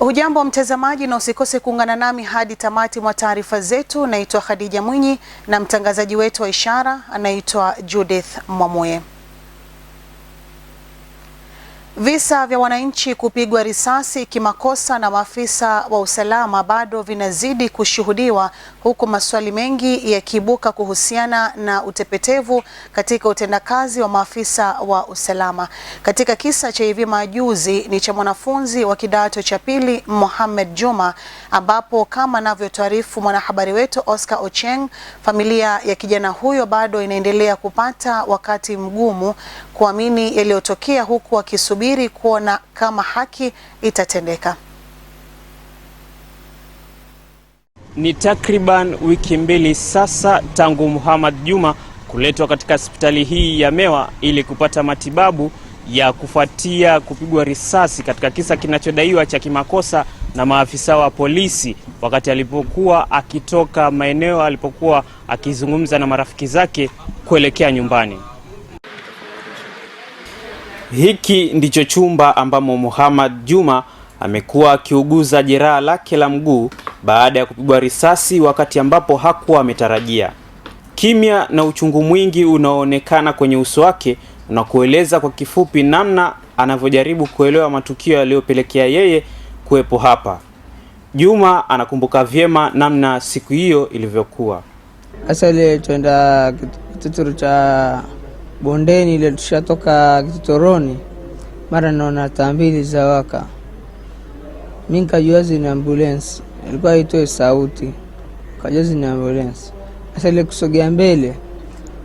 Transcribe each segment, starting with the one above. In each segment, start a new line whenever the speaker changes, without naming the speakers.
Hujambo mtazamaji, na usikose kuungana nami hadi tamati mwa taarifa zetu. Naitwa Khadija Mwinyi na mtangazaji wetu wa ishara anaitwa Judith Mwamuye. Visa vya wananchi kupigwa risasi kimakosa na maafisa wa usalama bado vinazidi kushuhudiwa huku maswali mengi yakiibuka kuhusiana na utepetevu katika utendakazi wa maafisa wa usalama. Katika kisa cha hivi majuzi ni cha mwanafunzi wa kidato cha pili Mohamed Juma, ambapo kama anavyotuarifu mwanahabari wetu Oscar Ocheng, familia ya kijana huyo bado inaendelea kupata wakati mgumu kuamini yaliyotokea huku akisubiri kusubiri kuona kama haki itatendeka.
Ni takriban wiki mbili sasa tangu Muhammad Juma kuletwa katika hospitali hii ya Mewa ili kupata matibabu ya kufuatia kupigwa risasi katika kisa kinachodaiwa cha kimakosa na maafisa wa polisi wakati alipokuwa akitoka maeneo alipokuwa akizungumza na marafiki zake kuelekea nyumbani. Hiki ndicho chumba ambamo Muhammad Juma amekuwa akiuguza jeraha lake la mguu baada ya kupigwa risasi wakati ambapo hakuwa ametarajia. Kimya na uchungu mwingi unaoonekana kwenye uso wake unakueleza kwa kifupi namna anavyojaribu kuelewa matukio yaliyopelekea yeye kuwepo hapa. Juma anakumbuka vyema namna siku hiyo ilivyokuwa.
Asali tuenda kituturu cha bondeni ile tushatoka kitotoroni, mara naona taa mbili za waka, mi nkajua zini ambulensi, ilikuwa itoe sauti, kajua zini ambulensi. hasa ile kusogea mbele,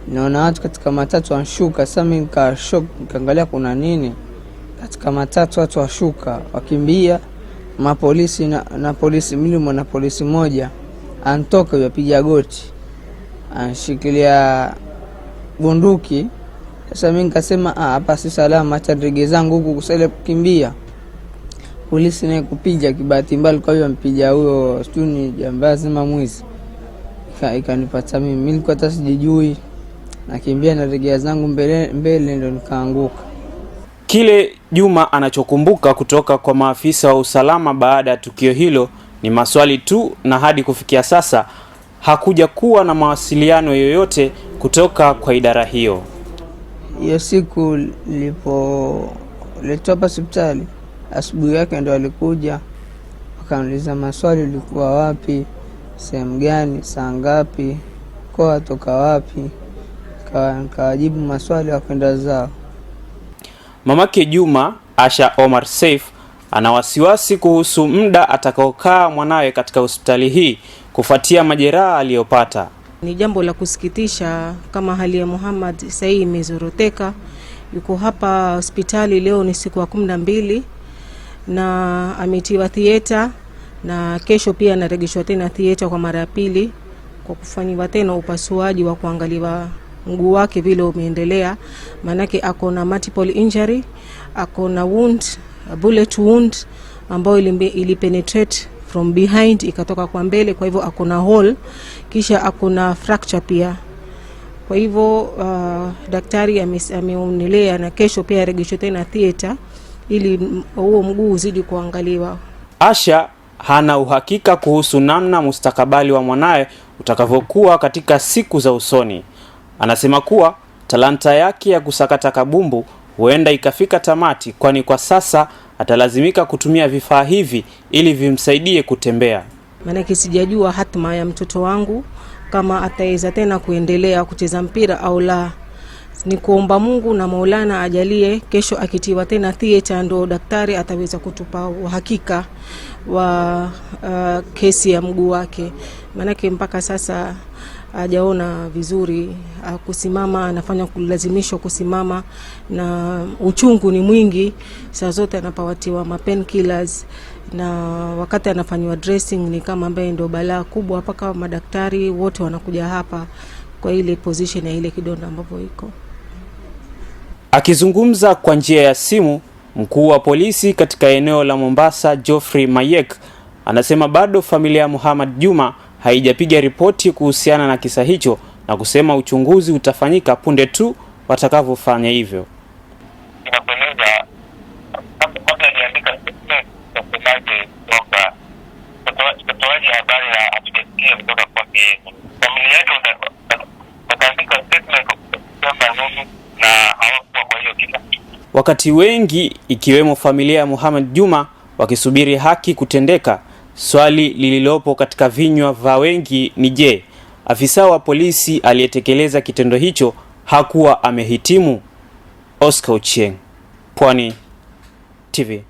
naona watu katika matatu wanshuka. Sasa mi nkashok, nkaangalia kuna nini katika matatu, watu washuka wakimbia, mapolisi na, na polisi mlimo na polisi moja antoka yapiga goti, anshikilia bunduki sasa mimi nikasema ah, hapa si salama, acha ndege zangu huku kusale kukimbia. Polisi naye kupiga kibahati mbali, kwa hiyo mpiga huyo stuni jambaa jambazi mwizi, ikanipata mimi. Mimi nilikuwa hata sijijui, nakimbia na ndege zangu mbele mbele, ndo nikaanguka.
Kile Juma anachokumbuka kutoka kwa maafisa wa usalama baada ya tukio hilo ni maswali tu, na hadi kufikia sasa hakuja kuwa na mawasiliano yoyote kutoka kwa idara hiyo
hiyo siku nilipoletwa hospitali, asubuhi yake ndo alikuja akauliza maswali, ulikuwa wapi, sehemu gani, saa ngapi, koa toka wapi, kawajibu maswali, wakwenda zao.
Mamake Juma Asha Omar Saif ana wasiwasi kuhusu muda atakaokaa mwanawe katika hospitali hii kufuatia majeraha aliyopata.
Ni jambo la kusikitisha kama hali ya Muhammad sahii imezoroteka. Yuko hapa hospitali, leo ni siku ya kumi na mbili na ametiwa thieta, na kesho pia anaregeshwa tena thieta kwa mara ya pili kwa kufanyiwa tena upasuaji wa kuangaliwa mguu wake vile umeendelea, maanake ako na multiple injury, ako na wound, bullet wound ambayo ilipenetrate from behind ikatoka kwa mbele, kwa hivyo akuna hole, kisha akuna fracture pia. Kwa hivyo uh, daktari ameonelea na kesho pia aregeshwe tena theater ili huo mguu uzidi kuangaliwa.
Asha hana uhakika kuhusu namna mustakabali wa mwanaye utakavyokuwa katika siku za usoni. Anasema kuwa talanta yake ya kusakata kabumbu huenda ikafika tamati, kwani kwa sasa atalazimika kutumia vifaa hivi ili vimsaidie kutembea.
Maanake sijajua hatima ya mtoto wangu kama ataweza tena kuendelea kucheza mpira au la. Ni kuomba Mungu na Maulana ajalie kesho akitiwa tena theatre, ndo daktari ataweza kutupa uhakika wa uh, kesi ya mguu wake, maanake mpaka sasa hajaona vizuri kusimama, anafanya kulazimishwa kusimama na uchungu ni mwingi, saa zote anapawatiwa mapen killers na wakati anafanyiwa dressing ni kama ambaye ndio balaa kubwa, mpaka madaktari wote wanakuja hapa kwa ile position ya ile kidonda ambapo iko.
Akizungumza kwa njia ya simu, mkuu wa polisi katika eneo la Mombasa Geoffrey Mayek anasema bado familia ya Muhammad Juma haijapiga ripoti kuhusiana na kisa hicho na kusema uchunguzi utafanyika punde tu watakavyofanya hivyo. Wakati wengi ikiwemo familia ya Muhammad Juma wakisubiri haki kutendeka Swali lililopo katika vinywa vya wengi ni je, afisa wa polisi aliyetekeleza kitendo hicho hakuwa amehitimu? Oscar Ochieng, Pwani TV.